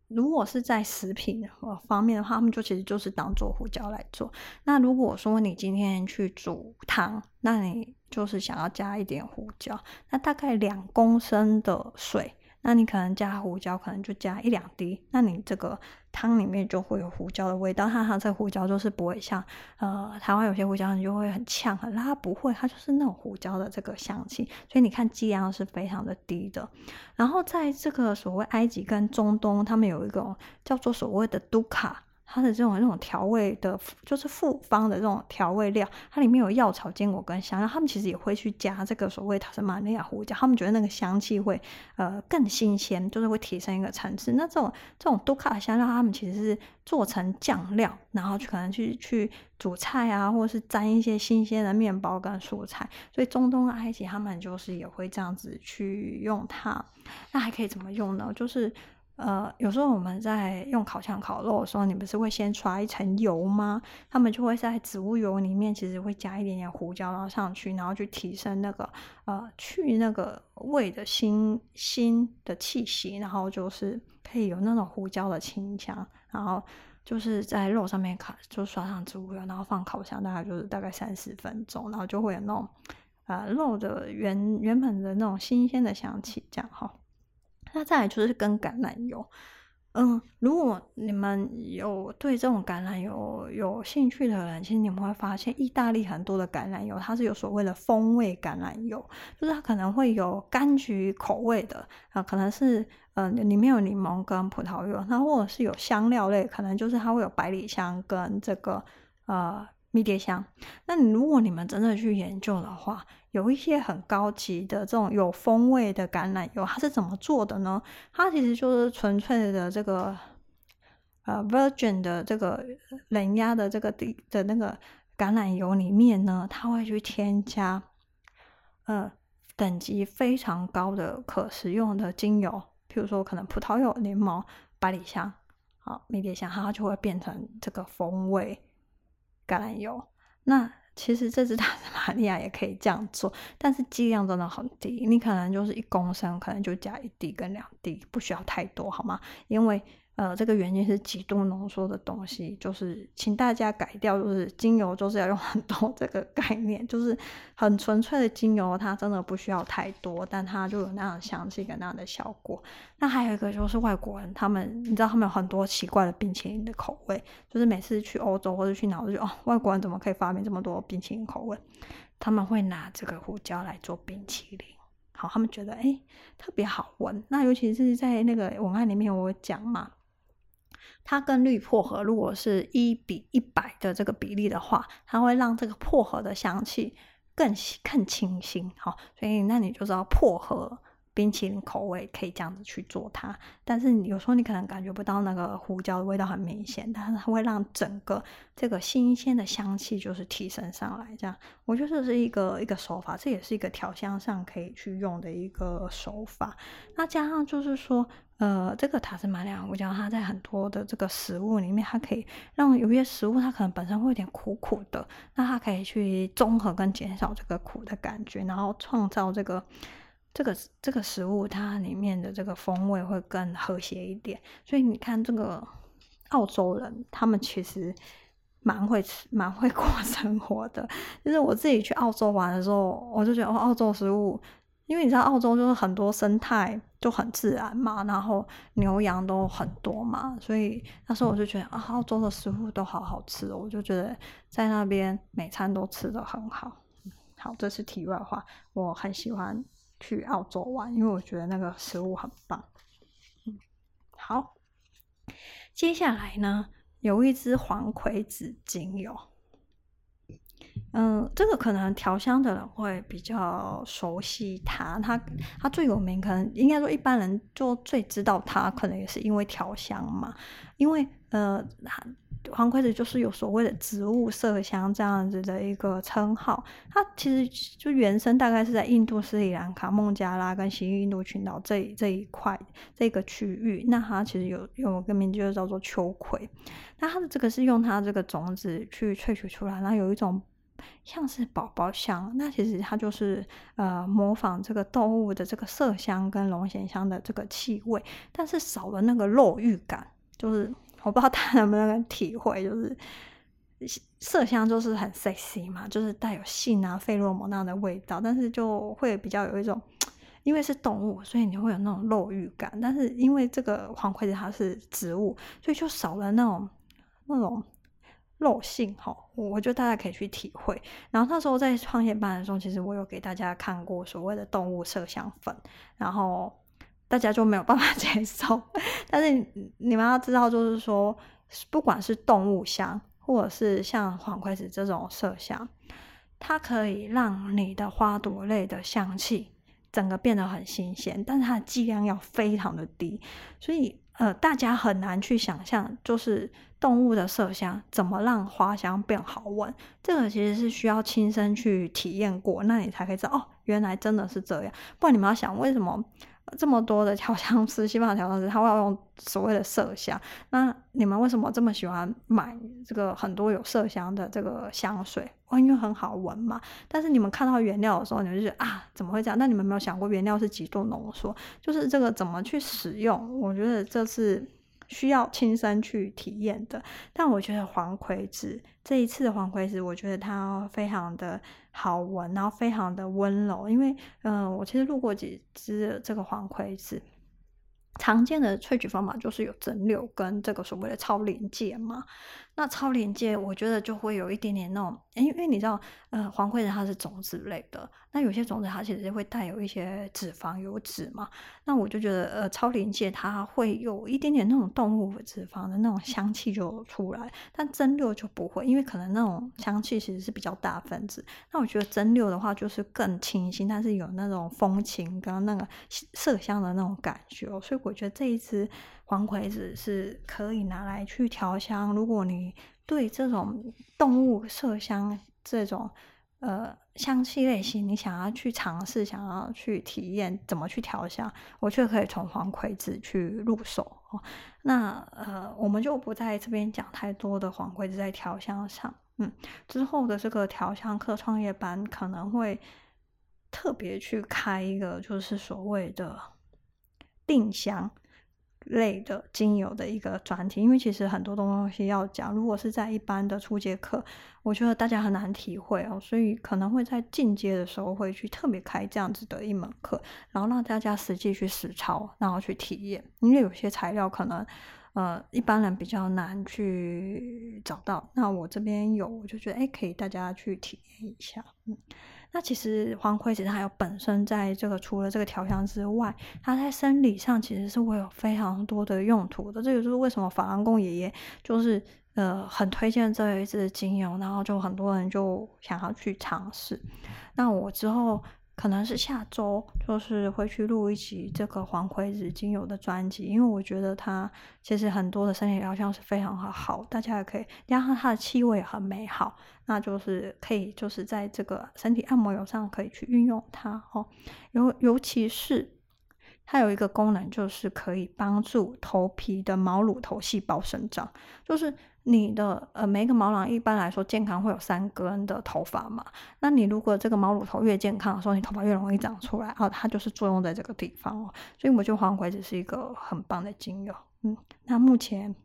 如果是在食品方面的話，他們就其實就是當做胡椒來做。那如果說你今天去煮湯，那你就是想要加一點胡椒，那大概兩公升的水。那你可能加胡椒，可能就加一兩滴，那你這個湯裡面就會有胡椒的味道。它它這個胡椒就是不會像，呃，台灣有些胡椒你就會很嗆很辣，不會，它就是那種胡椒的這個香氣。所以你看劑量是非常的低的。然後在這個所謂埃及跟中東，他們有一個叫做所謂的都卡。它的這種那種調味的，就是複方的這種調味料，它裡面有藥草、堅果跟香料。他們其實也會去加這個所謂塔斯馬尼亞胡椒，他們覺得那個香氣會，呃，更新鮮，就是會提升一個層次。那這種這種杜卡的香料，他們其實是做成醬料，然後去可能去去煮菜啊，或者是沾一些新鮮的麵包跟蔬菜。所以中東、埃及他們就是也會這樣子去用它。那還可以怎麼用呢？就是。呃，有時候我們在用烤箱烤肉的時候，你不是會先刷一層油嗎？他們就會在植物油裡面，其實會加一點點胡椒，然後上去，然後去提升那個呃去那個味的腥腥的氣息，然後就是可以有那種胡椒的清香，然後就是在肉上面烤，就刷上植物油，然後放烤箱，大概就是大概三十分鐘，然後就會有那種啊、呃、肉的原原本的那種新鮮的香氣，這樣哈。好那再來就是跟橄欖油，嗯，如果你們有對這種橄欖油有興趣的人，其實你們會發現，意大利很多的橄欖油，它是有所謂的風味橄欖油，就是它可能會有柑橘口味的啊，可能是嗯裡面有檸檬跟葡萄柚，那或者是有香料類，可能就是它會有百里香跟這個呃迷迭香。那你如果你們真的去研究的話，有一些很高級的這種有風味的橄欖油，它是怎麼做的呢？它其實就是純粹的這個呃，virgin 的這個冷壓的這個的那個橄欖油裡面呢，它會去添加，呃，等級非常高的可食用的精油，譬如說可能葡萄柚、檸檬、百里香，好，迷迭香，它就會變成這個風味橄欖油。那其實這支塔斯馬尼亞也可以這樣做，但是劑量真的很低，你可能就是一公升，可能就加一滴跟兩滴，不需要太多，好嗎？因為。呃，這個原精是極度濃縮的東西，就是請大家改掉，就是精油就是要用很多這個概念，就是很純粹的精油，它真的不需要太多，但它就有那樣的香氣跟那樣的效果。那還有一個就是外國人，他們你知道他們有很多奇怪的冰淇淋的口味，就是每次去歐洲或者去哪裡我就，就哦，外國人怎麼可以發明這麼多冰淇淋口味？他們會拿這個胡椒來做冰淇淋，好，他們覺得誒、欸、特別好聞。那尤其是在那個文案裡面我會講嘛。它跟綠薄荷，如果是一比一百的這個比例的話，它會讓這個薄荷的香氣更更清新，好，所以那你就知道薄荷。冰淇淋口味可以這樣子去做它，但是你有時候你可能感覺不到那個胡椒的味道很明顯，但是它會讓整個這個新鮮的香氣就是提升上來。這樣，我覺得這是一個一個手法，這也是一個調香上可以去用的一個手法。那加上就是說，呃，這個塔斯馬尼亞胡椒，它在很多的這個食物裡面，它可以讓有些食物它可能本身會有點苦苦的，那它可以去綜合跟減少這個苦的感覺，然後創造這個。這個這個食物它裡面的這個風味會更和諧一點，所以你看這個澳洲人，他們其實蠻會吃，蠻會過生活的。就是我自己去澳洲玩的時候，我就覺得哦，澳洲食物，因為你知道澳洲就是很多生態就很自然嘛，然後牛羊都很多嘛，所以那時候我就覺得啊，哦，澳洲的食物都好好吃，我就覺得在那邊每餐都吃的很好。好，這是題外話，我很喜歡。去澳洲玩，因為我覺得那個食物很棒。嗯，好，接下來呢，有一支黃葵籽精油。嗯、呃，這個可能調香的人會比較熟悉它，它它最有名，可能應該說一般人就最知道它，可能也是因為調香嘛，因為呃。黃葵籽就是有所謂的植物麝香這樣子的一個稱號，它其實就原生大概是在印度、斯里蘭卡、孟加拉跟西印度群島這這一塊這個區域。那它其實有有一個名字就叫做秋葵。那它的這個是用它這個種子去萃取出來，然後有一種像是寶寶香。那其實它就是呃模仿這個動物的這個麝香跟龍涎香的這個氣味，但是少了那個肉欲感，就是。我不知道大家能不能體會，就是麝香就是很 sexy 嘛，就是帶有性啊、費洛蒙那樣的味道，但是就會比較有一種，因為是動物，所以你會有那種肉欲感，但是因為這個黃葵籽它是植物，所以就少了那種那種肉性哈。我我覺得大家可以去體會。然後那時候在創業班的時候，其實我有給大家看過所謂的動物麝香粉，然後。大家就沒有辦法接受，但是你，你們要知道，就是說，不管是動物香，或者是像黃葵籽這種麝香，它可以讓你的花朵類的香氣整個變得很新鮮，但是它的劑量要非常的低，所以呃，大家很難去想象，就是動物的麝香怎麼讓花香變好聞。這個其實是需要親身去體驗過，那你才可以知道哦，原來真的是這樣。不然你們要想為什麼？這麼多的調香師，西方的調香師他會要用所謂的麝香，那你們為什麼這麼喜歡買這個很多有麝香的這個香水？哦，因為很好聞嘛。但是你們看到原料的時候，你們就覺得啊，怎麼會這樣？那你們沒有想過原料是幾度濃縮？就是這個怎麼去使用？我覺得這是需要親身去體驗的。但我覺得黃葵籽這一次的黃葵籽，我覺得它非常的。好聞，然後非常的溫柔，因為嗯，我其實錄過幾支這個黃葵籽，常見的萃取方法就是有蒸餾跟這個所謂的超臨界嘛。那超臨界我覺得就會有一點點那種，哎，因為你知道，呃，黃葵籽它是種子類的，那有些種子它其實會帶有一些脂肪油脂嘛。那我就覺得，呃，超臨界它會有一點點那種動物脂肪的那種香氣就出來，但蒸餾就不會，因為可能那種香氣其實是比較大分子。那我覺得蒸餾的話就是更清新，但是有那種風情跟那個麝香的那種感覺，所以我覺得這一支。黃葵籽是可以拿來去調香。如果你對這種動物麝香這種呃香氣類型，你想要去嘗試，想要去體驗怎麼去調香，我卻可以從黃葵籽去入手哦。那呃，我們就不在這邊講太多的黃葵籽在調香上。嗯，之後的這個調香課創業班可能會特別去開一個，就是所謂的定香。類的精油的一個專題，因為其實很多東西要講，如果是在一般的初階課，我覺得大家很難體會哦，所以可能會在進階的時候會去特別開這樣子的一門課，然後讓大家實際去實操，然後去體驗，因為有些材料可能，呃，一般人比較難去找到，那我這邊有，我就覺得欸，可以大家去體驗一下，嗯。那其實黃葵其實還有本身在這個除了這個調香之外，它在生理上其實是會有非常多的用途的。這個、就是為什麼法蘭貢爺爺就是呃很推薦這一支精油，然後就很多人就想要去嘗試。那我之後。可能是下週，就是會去錄一集這個黃葵籽精油的專輯，因為我覺得它其實很多的身體療效是非常的好，好，大家也可以加上它的氣味也很美好，那就是可以就是在這個身體按摩油上可以去運用它哦，尤尤其是它有一個功能就是可以幫助頭皮的毛乳頭細胞生長，就是。你的呃，每一個毛囊一般來說健康會有三根的頭髮嘛？那你如果這個毛乳頭越健康的時候，你頭髮越容易長出來哦、啊。它就是作用在這個地方哦、喔，所以我覺得黃葵籽是一個很棒的精油。嗯，那目前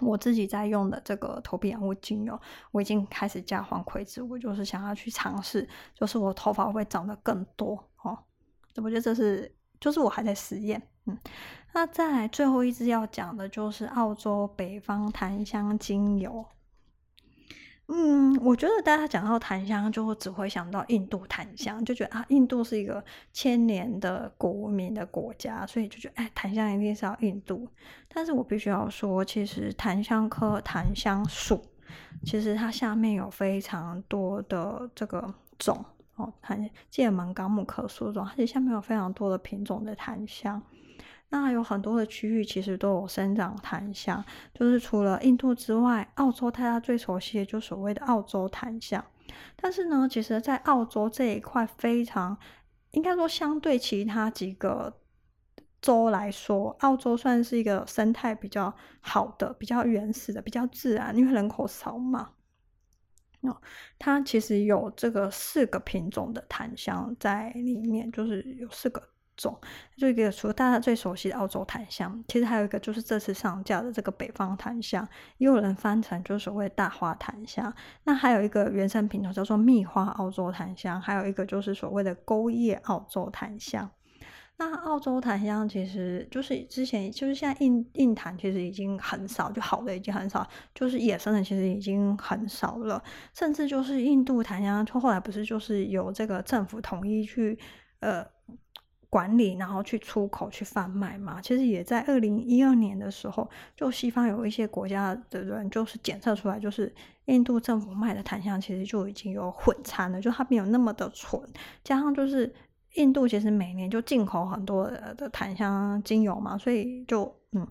我自己在用的這個頭皮養護精油，我已經開始加黃葵籽，我就是想要去嘗試，就是我頭髮會，會長得更多哦、喔。我覺得這是，就是我還在實驗，嗯。那再來最後一支要講的就是澳洲北方檀香精油。嗯，我覺得大家講到檀香，就會只會想到印度檀香，就覺得啊，印度是一個千年的古文明的國家，所以就覺得哎、欸，檀香一定是要印度。但是我必須要說，其實檀香科檀香屬，其實它下面有非常多的這個種哦，界門綱目科屬種，而且下面有非常多的品種的檀香。那有很多的區域其實都有生長檀香，就是除了印度之外，澳洲大家最熟悉的就是所謂的澳洲檀香。但是呢，其實，在澳洲這一塊非常，應該說相對其他幾個州來說，澳洲算是一個生態比較好的、比較原始的、比較自然，因為人口少嘛。那它其實有這個四個品種的檀香在裡面，就是有四個。種就一個，除了大家最熟悉的澳洲檀香，其實還有一個就是這次上架的這個北方檀香，也有人翻成就是所謂大花檀香。那還有一個原生品種叫做蜜花澳洲檀香，還有一個就是所謂的鈎葉澳洲檀香。那澳洲檀香其實就是之前，就是現在印印檀其實已經很少，就好的已經很少，就是野生的其實已經很少了，甚至就是印度檀香，後來不是就是由這個政府統一去呃。管理，然後去出口去販賣嘛，其實也在二零一二年的時候，就西方有一些國家的人就是檢測出來，就是印度政府賣的檀香其實就已經有混摻了，就它沒有那麼的純。加上就是印度其實每年就進口很多的檀香精油嘛，所以就嗯，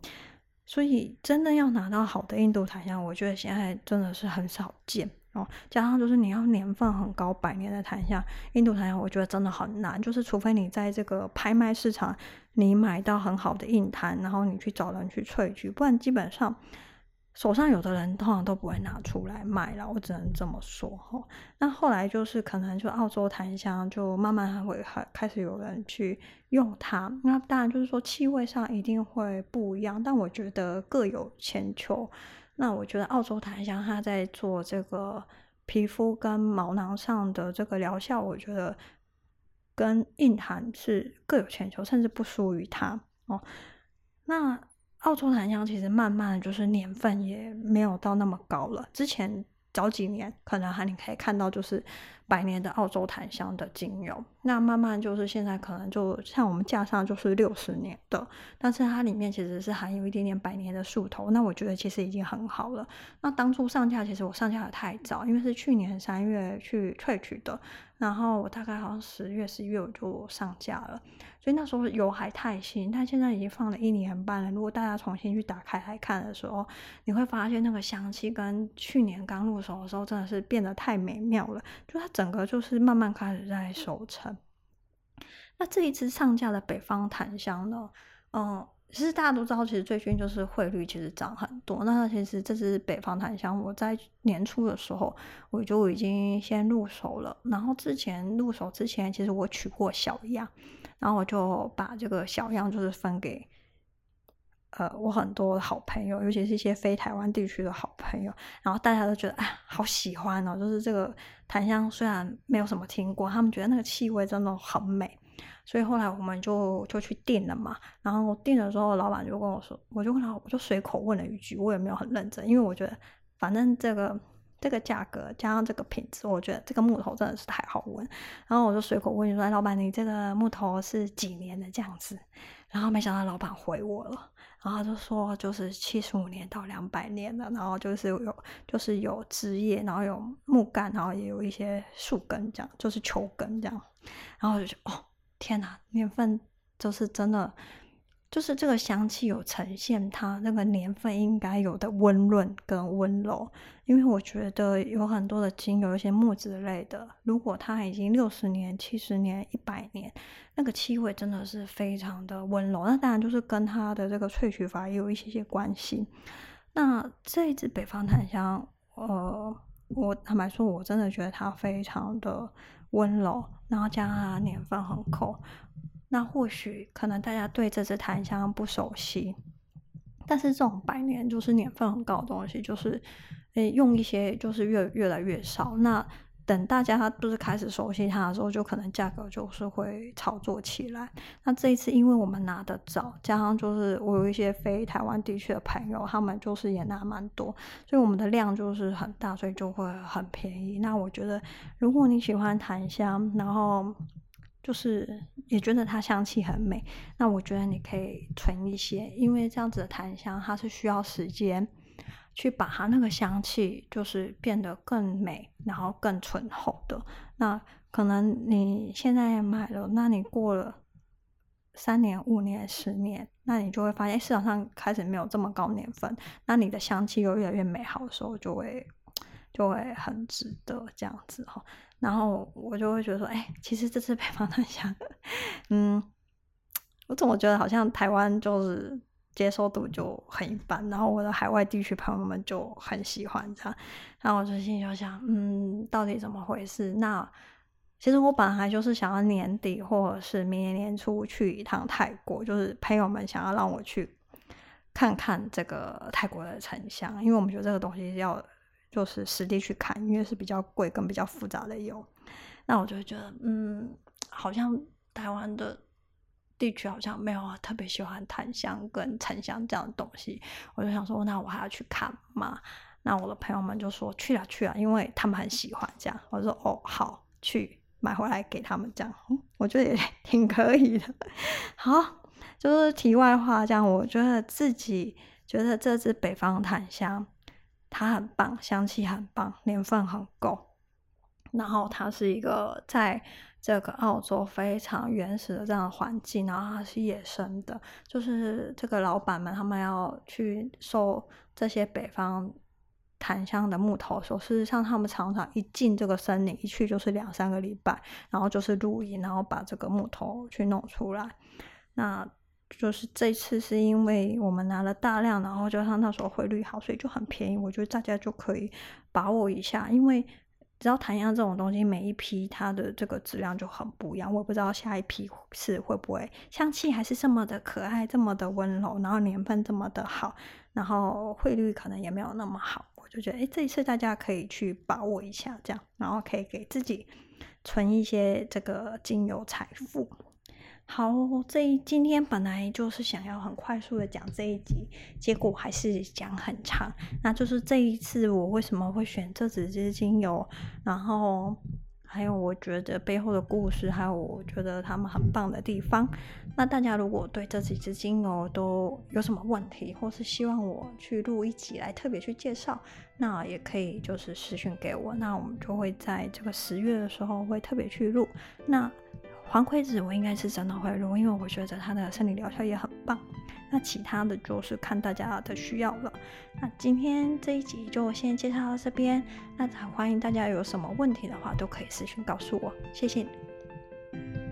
所以真的要拿到好的印度檀香，我覺得現在真的是很少見。加上就是你要年份很高、百年的檀香，印度檀香，我覺得真的很難。就是除非你在這個拍賣市場，你買到很好的印檀，然後你去找人去萃取，不然基本上手上有的人通常都不會拿出來賣了。我只能這麼說。那後來就是可能就澳洲檀香就慢慢會開始有人去用它。那當然就是說氣味上一定會不一樣，但我覺得各有千秋。那我覺得澳洲檀香，它在做這個皮膚跟毛囊上的這個療效，我覺得跟印檀是各有千秋，甚至不輸於它哦。那澳洲檀香其實慢慢就是年份也沒有到那麼高了，之前早幾年可能哈，你可以看到就是。百年的澳洲檀香的精油。那慢慢就是現在可能就像我們架上就是六十年的，但是它裡面其實是含有一點點百年的樹頭，那我覺得其實已經很好了。那當初上架其實我上架的太早，因為是去年三月去萃取的，然後我大概好像十月、十一月我就上架了，所以那時候油還太新，但現在已經放了一年半了，如果大家重新去打開來看的時候，你會發現那個香氣跟去年剛入手的時候真的是變得太美妙了，就它。整個就是慢慢開始在收成。那這一次上架的北方檀香呢，嗯，其實大家都知道，其實最近就是匯率其實漲很多。那其實這支北方檀香，我在年初的時候我就已經先入手了。然後之前入手之前，其實我取過小樣，然後我就把這個小樣就是分給。呃，我很多的好朋友，尤其是一些非台灣地區的好朋友，然後大家都覺得啊，好喜歡哦、喔，就是這個檀香雖然沒有什麼聽過，他們覺得那個氣味真的很美，所以後來我們就就去訂了嘛。然後訂的時候老板就跟我說，我就問他，我就隨口問了一句，我也沒有很認真，因為我覺得反正這個這個價格加上這個品質，我覺得這個木頭真的是太好聞。然後我就隨口問你說，哎，老板，你這個木頭是幾年的這樣子？然後沒想到老板回我了。然後就說，就是七十五年到兩百年了，然後就是有，就是有枝葉，然後有木幹，然後也有一些樹根，這樣就是球根這樣，然後就說，哦，天吶，年份就是真的。就是這個香氣有呈現它那個年份應該有的溫潤跟溫柔，因為我覺得有很多的精油、一些木質類的，如果它已經六十年、七十年、一百年，那個氣味真的是非常的溫柔。那當然就是跟它的這個萃取法也有一些些關係。那這一支北方檀香，呃，我坦白說，我真的覺得它非常的溫柔，然後加上它的年份很夠。那或許可能大家對這支檀香不熟悉，但是這種百年就是年份很高的東西，就是，呃、欸，用一些就是越越來越少。那等大家就是開始熟悉它的時候，就可能價格就是會炒作起來。那這一次，因為我們拿得早，加上就是我有一些非台灣地區的朋友，他們就是也拿蠻多，所以我們的量就是很大，所以就會很便宜。那我覺得，如果你喜歡檀香，然後。就是也覺得它香氣很美，那我覺得你可以存一些，因為這樣子的檀香它是需要時間去把它那個香氣就是變得更美，然後更醇厚的。那可能你現在也買了，那你過了三年、五年、十年，那你就會發現市場上開始沒有這麼高年份，那你的香氣又越來越美好的時候，就會就會很值得這樣子哈。然後我就會覺得說，哎、欸，其實這次北方檀香。嗯，我怎麼覺得好像台灣就是接受度就很一般，然後我的海外地區朋友們就很喜歡這樣，然後我最近就想，嗯，到底怎麼回事？那其實我本來就是想要年底或者是明年年初去一趟泰國，就是朋友們想要讓我去看看這個泰國的沉香，因為我們覺得這個東西是要。就是實地去看，因為是比較貴跟比較複雜的油，那我就覺得，嗯，好像台灣的地區好像沒有、啊、特別喜歡檀香跟沉香這樣的東西，我就想說，那我還要去看嘛。那我的朋友們就說去啊去啊，因為他們很喜歡這樣，我說哦好，去買回來給他們這樣，我覺得也挺可以的。好，就是題外話，這樣我覺得自己覺得這支北方檀香。它很棒，香氣很棒，年份很夠。然後它是一個在這個澳洲非常原始的這樣的環境，然後它是野生的。就是這個老板們他們要去收這些北方檀香的木頭的時候，事實上他們常常一進這個森林，一去就是兩三個禮拜，然後就是露營，然後把這個木頭去弄出來。那就是這次是因為我們拿了大量，然後加上那時候匯率好，所以就很便宜。我覺得大家就可以把握一下，因為只要檀香這種東西，每一批它的這個質量就很不一樣。我也不知道下一批是會不會香氣還是這麼的可愛，這麼的溫柔，然後年份這麼的好，然後匯率可能也沒有那麼好。我就覺得，哎，這一次大家可以去把握一下這樣，然後可以給自己存一些這個精油財富。好，這一今天本來就是想要很快速的講這一集，結果還是講很長。那就是這一次我為什麼會選這幾支精油，然後還有我覺得背後的故事，還有我覺得他們很棒的地方。那大家如果對這幾支精油都有什麼問題，或是希望我去錄一集來特別去介紹，那也可以就是私訊給我，那我們就會在這個十月的時候會特別去錄。那。黃葵籽我應該是真的會入，因為我覺得它的生理療效也很棒。那其他的就是看大家的需要了。那今天這一集就先介紹到這邊，那歡迎大家有什麼問題的話都可以私訊告訴我，謝謝。